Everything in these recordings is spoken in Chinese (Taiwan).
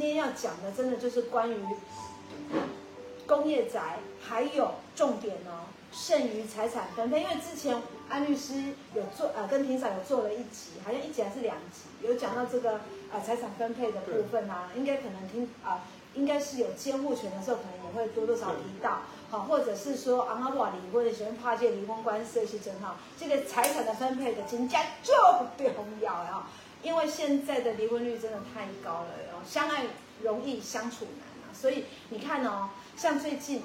今天要講的真的就是關於工業宅，還有重點哦、喔，剩餘財產分配。因為之前安律師有做呃跟霆嫂有做了一集，好像一集還是兩集，有講到這個呃財產分配的部分啦、啊。應該可能聽啊、呃，應該是有監護權的時候，可能也會多多少提到，好、喔，或者是說昂阿寶離婚，前面跨界離婚官司一些真好，這個財產的分配的，人家就不對很重要因為現在的離婚率真的太高了，相愛容易相處難啊，所以你看哦，像最近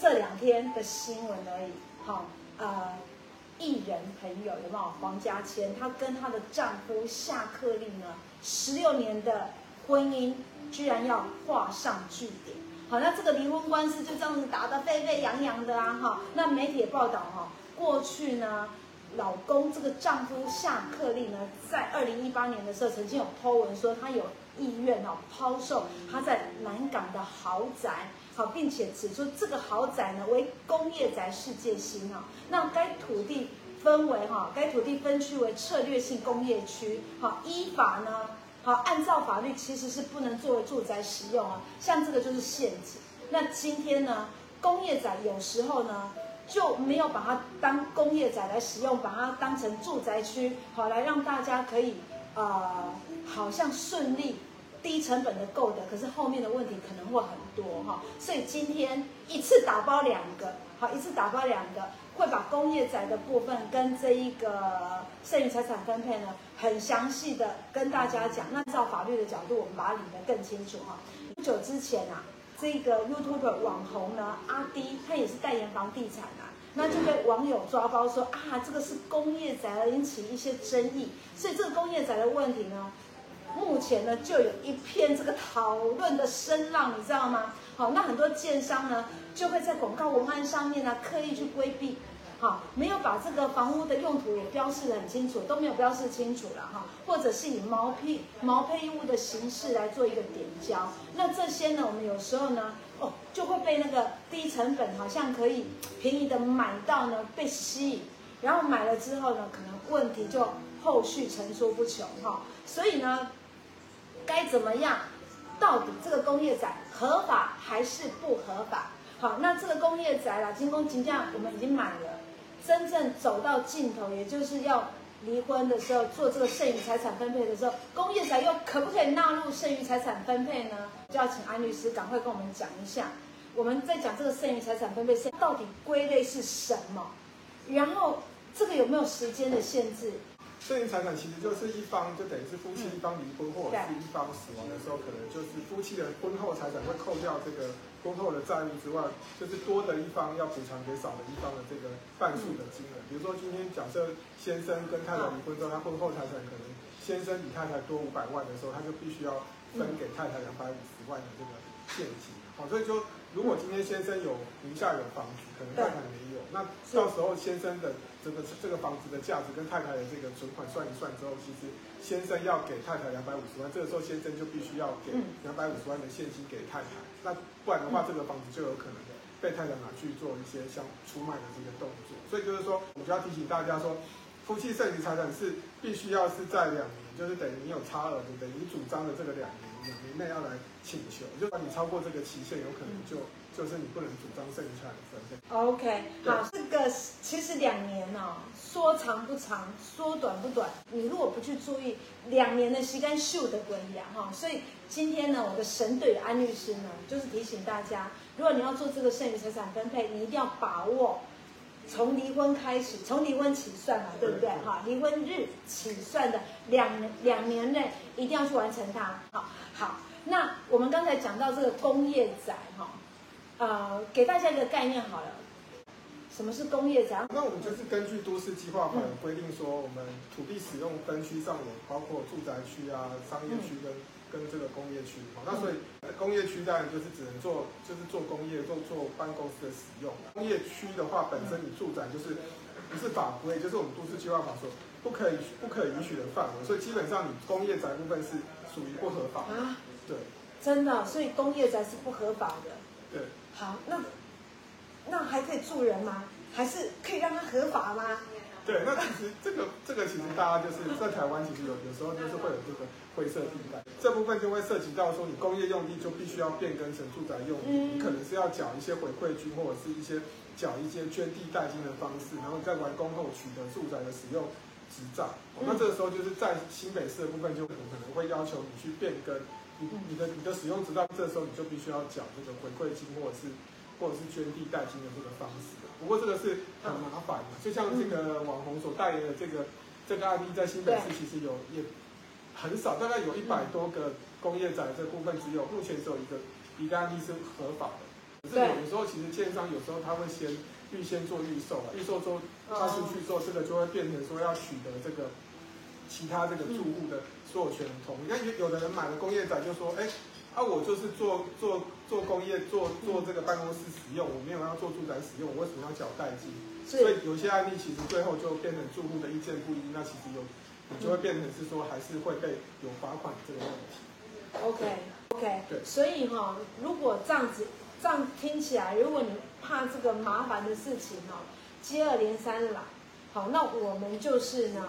這兩天的新聞而已，好、哦、呃，藝人朋友有沒有黃嘉千？她跟她的丈夫夏克立呢，十六年的婚姻居然要畫上句點，好、哦，那這個離婚官司就這樣子打得沸沸揚揚，揚的啊，哈、哦，那媒體也報道哈、哦，過去呢。老公，這個丈夫夏克立呢，在二零一八年的時候，曾經有 PO 文說他有意願哦拋售他在南港的豪宅，好，並且指出這個豪宅呢為工業宅，世界新哦，那該土地分為哈，該土地分區為策略性工業區，好，依法呢，好，按照法律其實是不能作為住宅使用啊，像這個就是限制。那今天呢，工業宅有時候呢。就沒有把它當工業宅來使用，把它當成住宅區，好來讓大家可以啊、呃，好像順利、低成本的購得。可是後面的問題可能會很多哈，所以今天一次打包兩個，好一次打包兩個，會把工業宅的部分跟這一個剩餘財產分配呢，很詳細的跟大家講。那照法律的角度，我們把它理得更清楚哈。不久之前啊。這個 YouTube 網紅呢，阿滴他也是代言房地產啊，那就被網友抓包說啊，這個是工業宅而引起一些爭議，所以這個工業宅的問題呢，目前呢就有一片這個討論的聲浪，你知道嗎？好，那很多建商呢就會在廣告文案上面呢刻意去規避。好，沒有把這個房屋的用途也標示得很清楚，都沒有標示清楚了哈，或者是以毛坯毛坯屋的形式來做一個點交，那這些呢，我們有時候呢，哦，就會被那個低成本好像可以便宜的買到呢，被吸引，然後買了之後呢，可能問題就後續層出不窮哈、哦，所以呢，該怎麼樣？到底這個工業宅合法還是不合法？好，那這個工業宅啦，精工精匠我們已經買了。真正走到盡頭，也就是要離婚的時候，做這個剩餘財產分配的時候，工業宅又可不可以納入剩餘財產分配呢？就要請安律師趕快跟我們講一下，我們在講這個剩餘財產分配是到底歸類是什麼，然後這個有沒有時間的限制？剩餘財產其實就是一方就等於是夫妻一方離婚或者、嗯、是一方死亡的時候，可能就是夫妻的婚後財產會扣掉這個婚後的債務之外，就是多的一方要補償給少的一方的這個半數的金額、嗯。比如說今天假設先生跟太太離婚之後，嗯、他婚後財產可能先生比太太多五百萬的時候，他就必須要分給太太兩百五十萬的這個現金。好、嗯，所以就如果今天先生有名下有房子、嗯，可能太太。那到時候先生的這個這個房子的價值跟太太的這個存款算一算之後，其實先生要給太太兩百五十萬，這個時候先生就必須要給兩百五十萬的現金給太太。那不然的話，這個房子就有可能的被太太拿去做一些像出賣的這個動作。所以就是說，我就要提醒大家說，夫妻剩餘財產是必須要是在兩年，就是等於你有差額，你等於主張的這個兩年兩年內要來請求，就算你超過這個期限，有可能就。就是你不能主張剩下的分配。OK，好，這個其實兩年哦、喔，說長不長，說短不短。你如果不去注意，兩年的時間秀的不一樣哈。所以今天呢，我的神隊友安律師呢，就是提醒大家，如果你要做這個剩餘財產分配，你一定要把握，從離婚開始，從離婚起算嘛，對不對？哈，離婚日起算的兩兩年內一定要去完成它。好，好，那我們剛才講到這個工業宅哈、喔。啊、呃，給大家一個概念好了，什麼是工業宅？那我們就是根據都市計劃法規定說，我們土地使用分區上有包括住宅區啊、商業區跟、嗯、跟這個工業區、嗯。那所以工業區當然就是只能做，就是做工業、做做辦公室的使用。工業區的話，本身你住宅就是不是法規，就是我們都市計劃法所不可以、不可允許的範圍。所以基本上你工業宅部分是屬於不合法啊。對，真的，所以工業宅是不合法的。好，那那還可以住人嗎？還是可以讓它合法嗎？對，那其實這個這個，其實大家就是在台灣，其實有有時候就是會有這個灰色地帶，這部分就會涉及到說，你工業用地就必須要變更成住宅用地，嗯，你可能是要繳一些回饋金，或者是一些繳一些捐地代金的方式，然後在完工後取得住宅的使用執照。那這個時候就是在新北市的部分，就有可能會要求你去變更。你的你的使用直到，這時候你就必須要繳這個回饋金，或者是或者是捐地代金的這個方式的，不過這個是很麻煩的，就像這個網紅所代言的這個這個案例，在新北市其實有也很少，大概有一百多個工業宅的這部分只有目前只有一個一個案例是合法的。可是有的時候其實建商有時候他會先預先做預售了，預售做發出去之後，這個就會變成說要取得這個。其他這個住戶的所有權人同意，那、嗯、有有的人買了工業宅就說，哎、欸，啊我就是做做做工業做做這個辦公室使用，我沒有要做住宅使用，我為什麼要繳代金？所以有些案例其實最後就變成住戶的意見不一，那其實有你就會變成是說還是會被有罰款這個問題。嗯、OK okay 對, OK 對，所以哈、哦，如果這樣子這樣子聽起來，如果你怕這個麻煩的事情哦，接二連三了啦，好，那我們就是呢。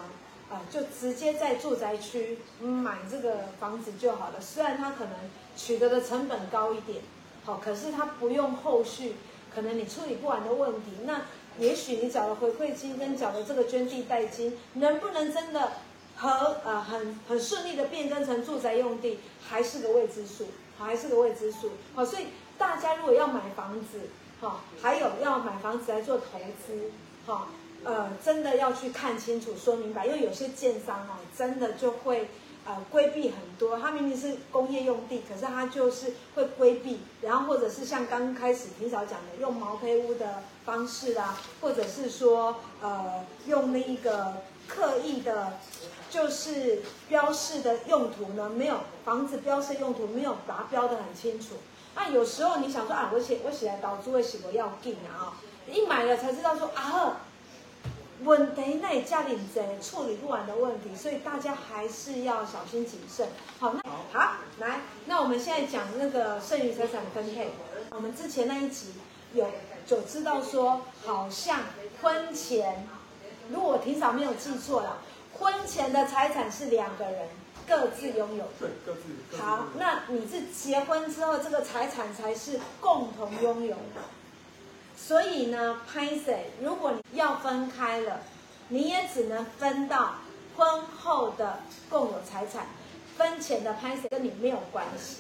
啊、就直接在住宅區、嗯、買這個房子就好了，雖然它可能取得的成本高一點，好、哦，可是它不用後續，可能你處理不完的問題。那也許你繳了回饋金跟繳了這個捐地代金，能不能真的和呃、啊、很很順利的變更成住宅用地，還是個未知數、啊，還是個未知數，好、哦，所以大家如果要買房子，哦、還有要買房子來做投資，哦呃，真的要去看清楚、說明白，因為有些建商哦、啊，真的就會呃規避很多。它明明是工業用地，可是它就是會規避，然後或者是像剛開始霆嫂講的，用毛坯屋的方式啊，或者是說呃用那一個刻意的，就是標示的用途呢沒有房子標示用途沒有達標得很清楚。那有時候你想說啊，我寫我寫來導租為什麼要進啊？一買了才知道說啊。問題內，家裡人，處理不完的問題，所以大家還是要小心謹慎。好，那好，來，那我們現在講那個剩餘財產分配。我們之前那一集有就知道說，好像婚前，如果我霆嫂沒有記錯了，婚前的財產是兩個人各自擁有。對，各自。好，那你是結婚之後，這個財產才是共同擁有的。所以呢，pension，如果你要分開了，你也只能分到婚後的共有財產，婚前的 pension 跟你沒有關係。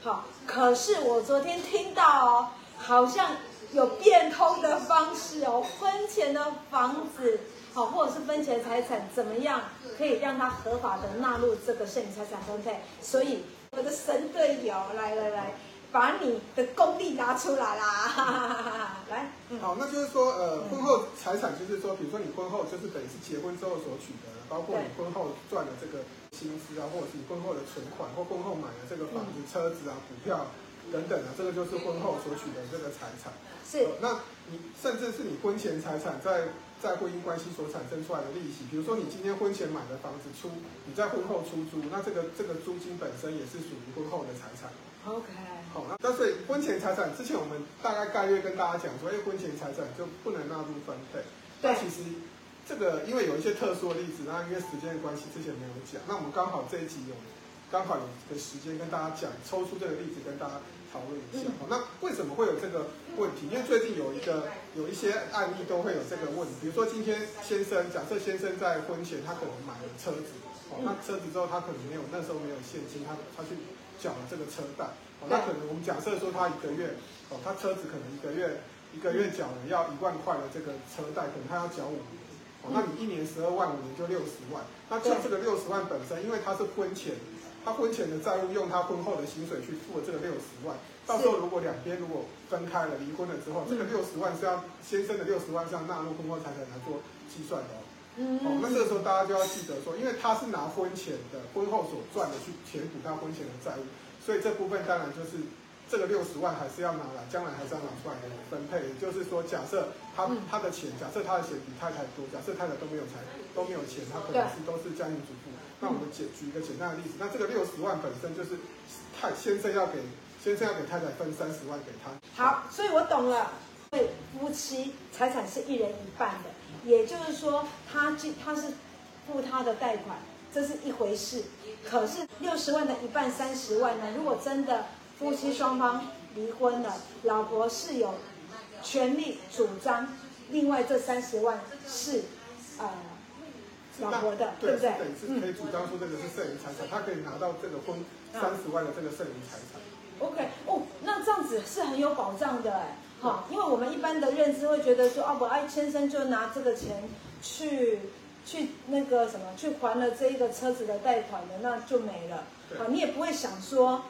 好、哦，可是我昨天聽到哦，好像有變通的方式哦，婚前的房子好、哦，或者是婚前財產怎麼樣，可以讓它合法的納入這個剩餘財產分配。所以我的神隊友，來來來。來把你的功力拿出來啦，哈哈哈。來、嗯。好，那就是說，呃，婚後財產就是說，比如說你婚後就是等於是結婚之後所取得的，包括你婚後賺的這個薪資啊，或者是你婚後的存款，或婚後買的這個房子、嗯、車子啊、股票等等啊，這個就是婚後所取得的這個財產。是。呃、那你甚至是你婚前財產在在婚姻關係所產生出來的利息，比如說你今天婚前買的房子出你在婚後出租，那這個這個租金本身也是屬於婚後的財產。OK、哦。好，那所以婚前財產，之前我們大概概略跟大家講說，因為婚前財產就不能納入分配。對。但其實這個因為有一些特殊的例子，那因為時間的關係之前沒有講，那我們剛好這一集有剛好有的時間跟大家講，抽出這個例子跟大家討論一下。好、嗯哦，那為什麼會有這個問題？因為最近有一個有一些案例都會有這個問題，比如說今天先生假設先生在婚前他可能買了車子，哦，那車子之後他可能沒有那時候沒有現金，他他去。繳了這個車貸哦，那可能我們假設說他一個月，哦，他車子可能一個月一個月繳了要一萬塊的這個車貸，可能他要繳五年，哦，那你一年十二萬，五年就六十萬。那像這個六十萬本身，因為他是婚前，他婚前的債務用他婚後的薪水去付了這個六十萬，到時候如果兩邊如果分開了，離婚了之後，這個六十萬是要先生的六十萬是要納入婚後財產來做計算的。哦。嗯、哦，那這個時候大家就要記得說，因為他是拿婚前的、婚後所賺的去填補他婚前的債務，所以這部分當然就是這個六十萬還是要拿來，將來還是要拿出來的分配。也就是說假，假設他他的錢，假設他的錢比太太多，假設太太都沒有財都沒有錢，他可能是都是家庭主婦、嗯，那我們簡舉一個簡單的例子，那這個六十萬本身就是太先生要給先生要給太太分三十萬給他。好，所以我懂了，嗯、對，夫妻財產是一人一半的。也就是說他，他借他是付他的貸款，這是一回事。可是六十萬的一半三十萬呢？如果真的夫妻雙方離婚了，老婆是有權利主張另外這三十萬是啊、呃、老婆的對，對不對？嗯，是可以主張說這個是剩餘財產，他可以拿到這個婚三十、嗯、萬的這個剩餘財產。OK，哦，那這樣子是很有保障的哎、欸。好、哦，因為我們一般的認知會覺得說，哦不，我、啊、愛先生就拿這個錢去去那個什麼，去還了這一個車子的貸款的，那就沒了。好、啊，你也不會想說，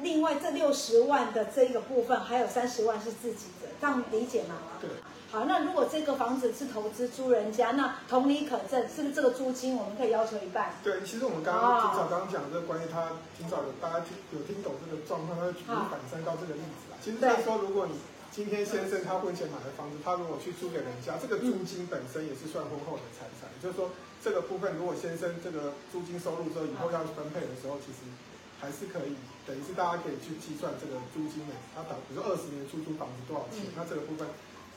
另外這六十萬的這一個部分，還有三十萬是自己的，這樣理解嗎、嗯、對。好，那如果這個房子是投資租人家，那同理可證，是不是這個租金我們可以要求一半？對，其實我們剛剛提、哦、早剛講這個關於他挺早有大家聽有聽懂這個狀況，他舉一反三到這個例子啊、哦。其實說如果你今天先生他婚前買的房子，他如果去租給人家，這個租金本身也是算婚後的財產。也就是說，這個部分如果先生這個租金收入之後以後要去分配的時候，其實還是可以，等於是大家可以去計算這個租金的、啊，他等比如說二十年出租房子多少錢，嗯、那這個部分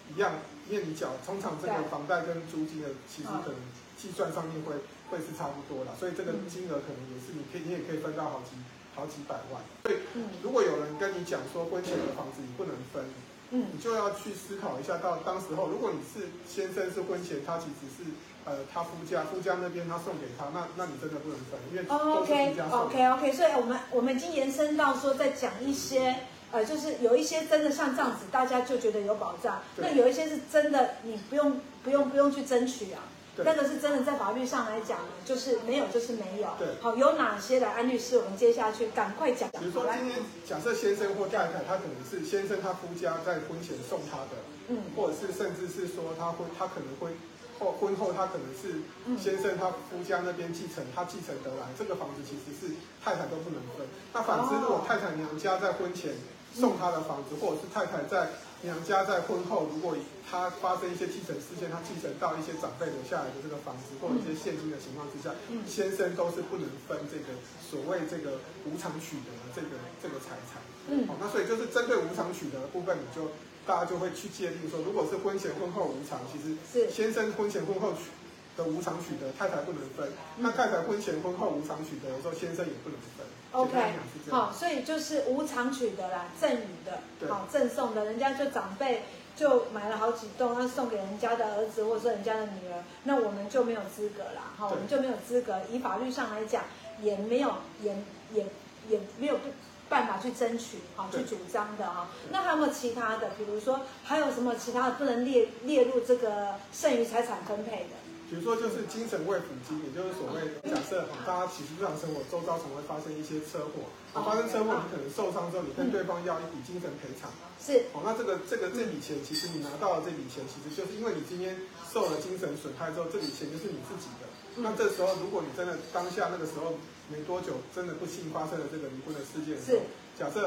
一樣，因為你繳通常這個房貸跟租金的，其實可能計算上面會會是差不多的，所以這個金額可能也是你可以你也可以分到好幾好幾百萬。所以如果有人跟你講說婚前的房子你不能分，嗯，你就要去思考一下，到當時候，如果你是先生是婚前，他其實是，呃，他夫家，夫家那邊他送給他，那那你真的不能分，因為都、oh, OK OK OK，所以我們我們已經延伸到說，在講一些、嗯，呃，就是有一些真的像這樣子，大家就覺得有保障，那有一些是真的，你不用不用不用去爭取啊。對那個是真的，在法律上來講，就是沒有，就是沒有。對，好，有哪些的安律師，我們接下去趕快講。比如說，今天假設先生或太太，他可能是先生，他夫家在婚前送他的，嗯，或者是甚至是說他婚，他可能會或婚後，他可能是先生他夫家那邊繼承，他繼承得來、嗯、這個房子，其實是太太都不能分。哦、那反之，如果太太娘家在婚前送他的房子，嗯、或者是太太在。娘家在婚後，如果他發生一些繼承事件，他繼承到一些長輩留下來的這個房子或者一些現金的情況之下，先生都是不能分這個所謂這個無償取得的這個這個財產。嗯，好，那所以就是針對無償取得的部分，你就大家就會去界定說，如果是婚前婚後無償，其實是先生婚前婚後取的無償取得，太太不能分；那太太婚前婚後無償取得，有時候先生也不能分。OK，好、哦，所以就是無償取得啦，贈與的，好，贈、哦、送的，人家就長輩就買了好幾棟，要送給人家的兒子或者說人家的女兒，那我們就沒有資格了，好、哦，我們就沒有資格，以法律上來講也沒有，也也也也沒有辦法去爭取，好、哦，去主張的哈、哦。那還有沒有其他的？比如說，還有什麼其他的不能列列入這個剩餘財產分配的？比如說，就是精神慰撫金，也就是所謂假設、哦，大家其實日常生活周遭常會發生一些車禍，哦、發生車禍你可能受傷之後，你跟對方要一筆精神賠償，是、嗯。哦，那這個這個這筆錢，其實你拿到了這筆錢，其實就是因為你今天受了精神損害之後，這筆錢就是你自己的。那這時候，如果你真的當下那個時候沒多久，真的不幸發生了這個離婚的事件的時候，是。假設。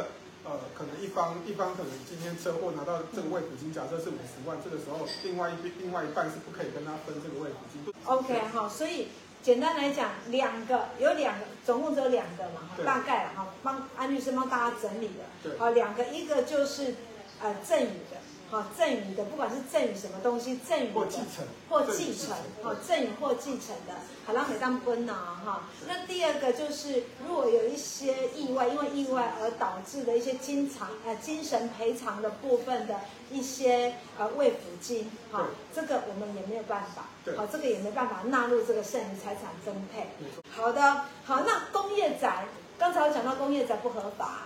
呃，可能一方一方可能今天車禍拿到這個慰撫金，假設是五十萬，這個時候另外一另外一半是不可以跟他分這個慰撫金，OK 哈、哦，所以簡單來講，兩個有兩個，總共只有兩個嘛哈，大概哈、哦、幫安律師幫大家整理的。對，好、哦，兩個，一個就是呃贈與的。好，贈與的，不管是贈與什麼東西，贈與或繼承，或繼承，好、哦，贈與或繼承的，好，讓誰當分呢？哈、哦，那第二個就是，如果有一些意外，因為意外而導致的一些經常，呃，精神賠償的部分的一些呃慰撫金，哈、哦，這個我們也沒有辦法，對，好、哦，這個也沒有辦法納入這個剩餘財產分配。好的，好，那工業宅，剛才我講到工業宅不合法，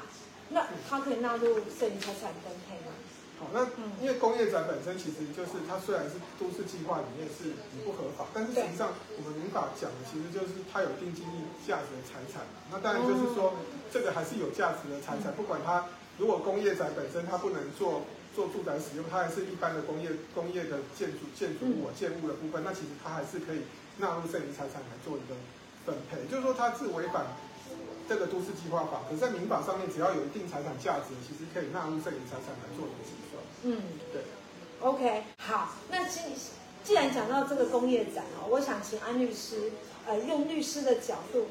那它可以納入剩餘財產分配嗎？好、哦，那因為工業宅本身其實就是它雖然是都市計劃裡面是不合法，但是實際上我們民法講的其實就是它有一定經濟價值的財產。那當然就是說這個還是有價值的財產，不管它，如果工業宅本身它不能做做住宅使用，它還是一般的工業工業的建築建築物、啊、建物的部分，那其實它還是可以納入剩餘財產來做一個分配。就是說它是違反這個都市計劃法，可是在民法上面只要有一定財產價值，其實可以納入剩餘財產來做一個。嗯，對，OK，好，那既，既然講到這個工業宅哦，我想請安律師，呃，用律師的角度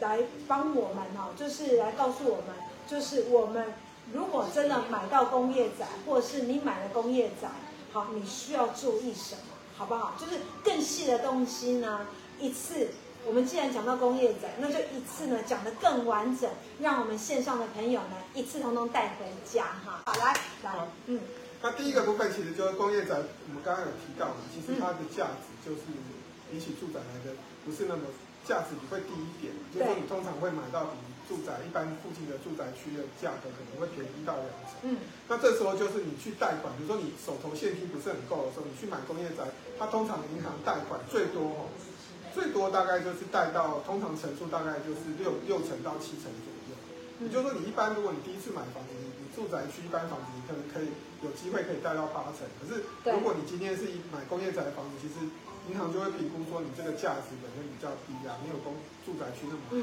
來幫我們哦，就是來告訴我們，就是我們如果真的買到工業宅，或者是你買了工業宅，好，你需要注意什麼，好不好？就是更細的東西呢，一次。我們既然講到工業宅，那就一次呢講得更完整，讓我們線上的朋友呢一次通通帶回家哈。好，來來，嗯，那第一個部分其實就是工業宅，我們剛剛有提到的其實它的價值就是比、嗯、起住宅來的不是那麼價值也會低一點，就是你通常會買到比住宅一般附近的住宅區的價格可能會便宜到兩成。嗯，那這時候就是你去貸款，比如說你手頭現金不是很夠的時候，你去買工業宅，它通常銀行貸款最多、哦最多大概就是貸到，通常成數大概就是六六成到七成左右。嗯，你就是說你一般如果你第一次買房子，你住宅區一般房子你可能可以有機會可以貸到八成，可是如果你今天是買工業宅的房子，其實銀行就會評估說你這個價值本身比較低啊，沒有工住宅區那麼高，嗯，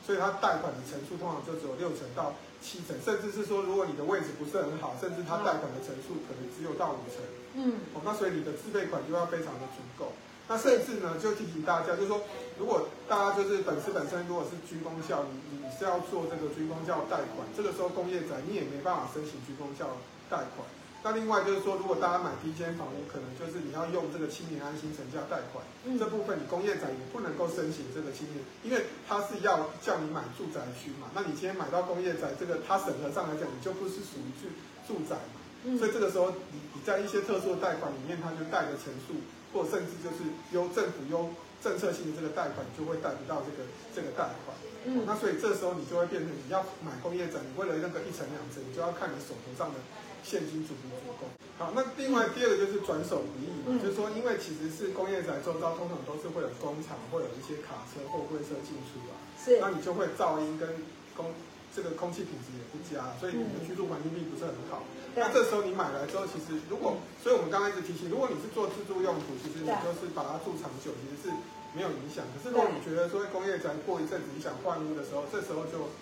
所以它貸款的成數通常就只有六成到七成，甚至是說如果你的位置不是很好，甚至它貸款的成數可能只有到五成。嗯，哦，那所以你的自備款就要非常的足夠。那甚至呢，就提醒大家，就是說，如果大家就是本身本身如果是軍公教，你你是要做這個軍公教貸款，這個時候工業宅你也沒辦法申請軍公教貸款。那另外就是說，如果大家買第一間房屋，可能就是你要用這個青年安心成家貸款、嗯，這部分你工業宅也不能夠申請這個青年，因為它是要叫你買住宅區嘛。那你今天買到工業宅，這個它審核上來講你就不是屬於住住宅嘛、嗯，所以這個時候你你在一些特殊的貸款裡面，它就貸的錢數。或甚至就是由政府，由政策性的這個貸款就會貸不到這個這個貸款，嗯，那所以這時候你就會變成你要買工業宅，你為了那個一成兩成，你就要看你手頭上的現金足不足夠。好，那另外、嗯、第二個就是轉手不易嘛，嗯，就是說因為其實是工業宅周遭通常都是會有工廠，會有一些卡車、貨櫃車進出啊，是，那你就會噪音跟工。這個空氣品質也不佳，所以你的居住環境並不是很好。嗯。那這時候你買來之後，其實如果，嗯、所以我們剛剛，一直提醒，如果你是做自住用途，其實你就是把它住長久，其實是沒有影響。可是如果你覺得說工業宅過一陣子你想換屋的時候，這時候，就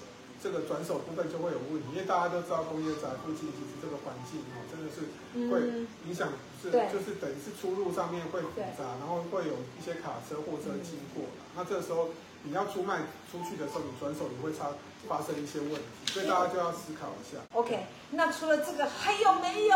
這個轉手部分就會有問題，因為大家都知道工業宅附近其實這個環境哦，真的是會影響，嗯、是，就是等於是出入上面會複雜，然後會有一些卡車、貨車經過、嗯嗯、那這時候。你要出賣出去的時候，你轉手你會差發生一些問題，所以大家就要思考一下。OK，那除了這個還有沒有？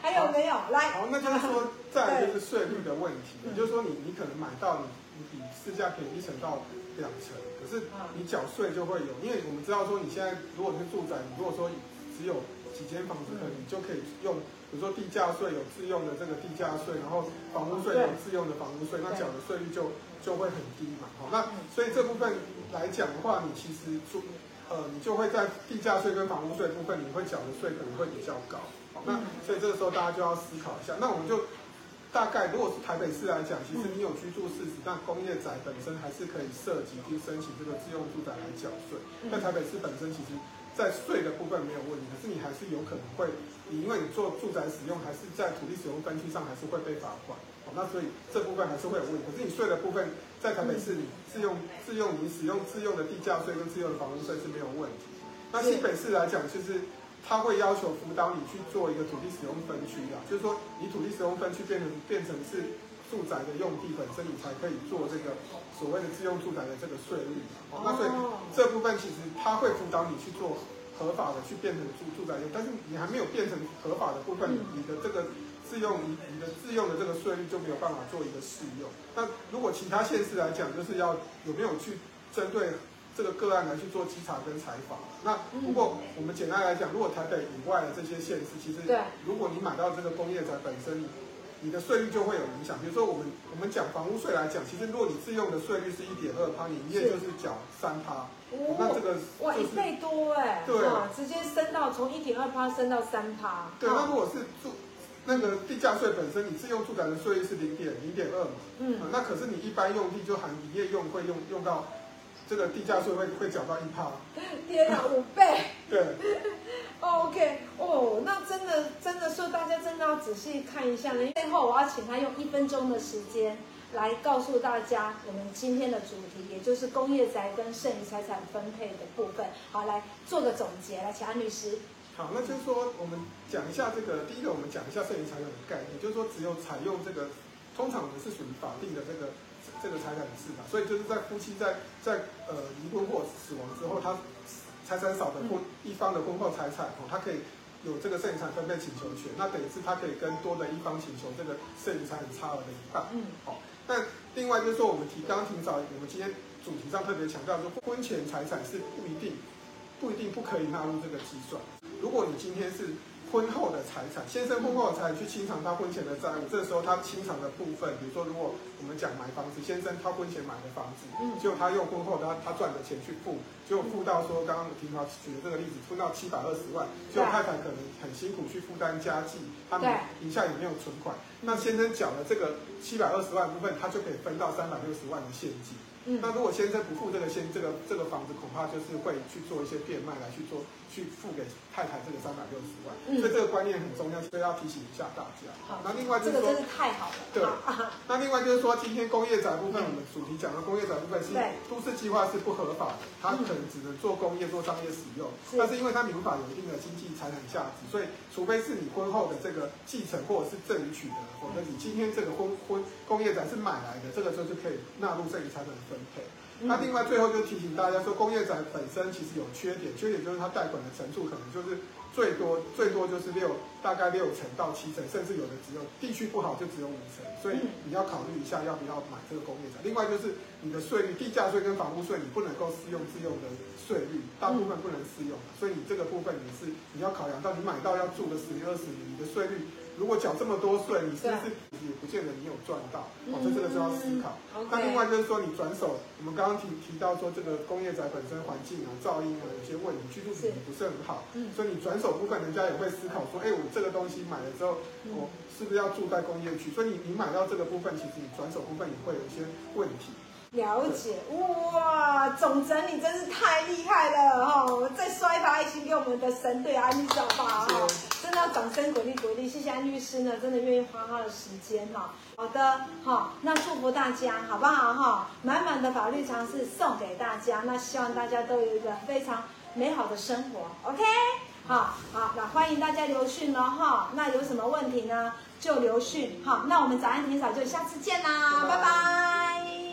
還有沒有？ 有沒有哦、來，好、哦，那就是說再來就是稅率的問題，也就是說你你可能買到你你比市價便宜一成到兩成，可是你繳稅就會有、嗯，因為我們知道說你現在如果你是住宅，你如果說只有幾間房子可能你就可以用。比如說地價稅有自用的這個地價稅，然後房屋稅有自用的房屋稅，那繳的稅率就就會很低嘛。好，那所以這部分來講的話，你其實住，呃，你就會在地價稅跟房屋稅部分，你會繳的稅可能會比較高。好，那所以這個時候大家就要思考一下。那我們就大概如果是台北市來講，其實你有居住事實，但工業宅本身還是可以設籍去申請這個自用住宅來繳稅。那台北市本身其實。在稅的部分沒有問題，可是你還是有可能會，你因為你做住宅使用，還是在土地使用分區上還是會被罰款。哦，那所以這部分還是會有問題。可是你稅的部分，在台北市你自用自用你使用自用的地價稅跟自用的房屋稅是沒有問題。那新北市來講，就是他會要求輔導你去做一個土地使用分區啊，就是說你土地使用分區變成變成是。住宅的用地本身，你才可以做這個所謂的自用住宅的這個稅率啊。Oh. 那所以這部分其實它會輔導你去做合法的去變成住住宅用，但是你還沒有變成合法的部分，嗯，你的這個自用，你你的自用的這個稅率就沒有辦法做一個適用。那如果其他縣市來講，就是要有沒有去針對這個個案來去做稽查跟裁罰。那如果我們簡單來講，如果台北以外的這些縣市，其實如果你買到這個工業宅本身，你的稅率就會有影響。比如說我，我們我們講房屋稅來講，其實如果你自用的稅率是一點二趴，你營業就是繳三趴，那這個、就是、哇一倍多哎，對、啊，直接升到從一點二趴升到三趴。對、哦，那如果是住那個地價稅本身，你自用住宅的稅率是零點零點二嘛，嗯，那可是你一般用地就含營業用，會用用到這個地價稅會會繳到一趴，天啊，跌到五倍。 對。OK，哦，那真的，真的說大家真的要仔細看一下呢。因為，最後我要請他用一分鐘的時間來告訴大家我們今天的主題，也就是工業宅跟剩餘財產分配的部分。好，來做個總結，來請安律師。好，那就是說，我們講一下這個，第一個，我們講一下剩餘財產的概念，就是說，只有採用這個，通常我們是屬於法定的這個這個財產是吧？所以就是在夫妻在在，在呃離婚或死亡之後，他。財產少的夫一方的婚後財產，哦，他可以有這個剩餘財產分配請求權。那等於是他可以跟多的一方請求這個剩餘財產差額的一半。嗯，好。但另外就是說，我們提、剛剛提到，我們今天主題上特別強調說，說婚前財產是不一定、不一定不可以納入這個計算。如果你今天是。婚後的財產，先生婚後的財產去清償他婚前的債務、嗯。這時候他清償的部分，比如說，如果我們講買房子，先生他婚前買的房子，嗯，就他用婚後他他賺的錢去付，就付到說、嗯、剛剛我平常舉的這個例子，付到七百二十萬，就太太可能很辛苦去負擔家計，他們名下也沒有存款，那先生繳了這個七百二十萬部分，他就可以分到三百六十萬的現金。嗯，那如果先生不付這個現，這個這個房子恐怕就是會去做一些變賣來去做。去付給太太這個三百六十萬，嗯，所以這個觀念很重要，所以要提醒一下大家。好，嗯，那另外這個真是太好了。對、啊，那另外就是說，今天工業宅部分，我們主題講的工業宅部分是、嗯、都市計劃是不合法的，的、嗯，它可能只能做工業、做商業使用。嗯、但是因為它民法有一定的經濟財產價值，所以除非是你婚後的這個繼承或者是贈與取得，否、嗯、則你今天這個婚婚工業宅是買來的，這個時候就可以納入這筆財產的分配。嗯、那另外最後就提醒大家說，工業宅本身其實有缺點，缺點就是它貸款的成數可能就是最多最多就是六，大概六成到七成，甚至有的只有地區不好就只有五成，所以你要考慮一下要不要買這個工業宅。另外就是你的稅率，地價稅跟房屋稅，你不能夠適用自用的稅率，大部分不能適用，所以你這個部分也是你要考量到你買到要住個十年二十年，你的稅率。如果繳這麼多稅，你是不是也不見得你有賺到？哦，這個的就要思考。那、嗯、另外就是說你、嗯 okay，你轉手，我們剛剛提提到說，這個工業宅本身環境啊、噪音啊，有一些問題，居住品質不是很好是。嗯。所以你轉手部分，人家也會思考說，哎、嗯欸，我這個東西買了之後，我、哦嗯、是不是要住在工業區？所以你你買到這個部分，其實你轉手部分也會有一些問題。了解哇，總整理真是太厲害了哈！再刷一把愛心給我們的神隊安姨，知道嗎？真的要掌聲鼓勵鼓勵，謝謝安律師呢，真的願意花他的時間哈、哦。好的哈、哦，那祝福大家好不好哈、哦？滿滿的法律常識送給大家，那希望大家都有一個非常美好的生活。OK，好、哦，好，那歡迎大家留訊了哈。那有什麼問題呢，就留訊。好、哦，那我們找安霆嫂就下次見啦，拜拜。Bye bye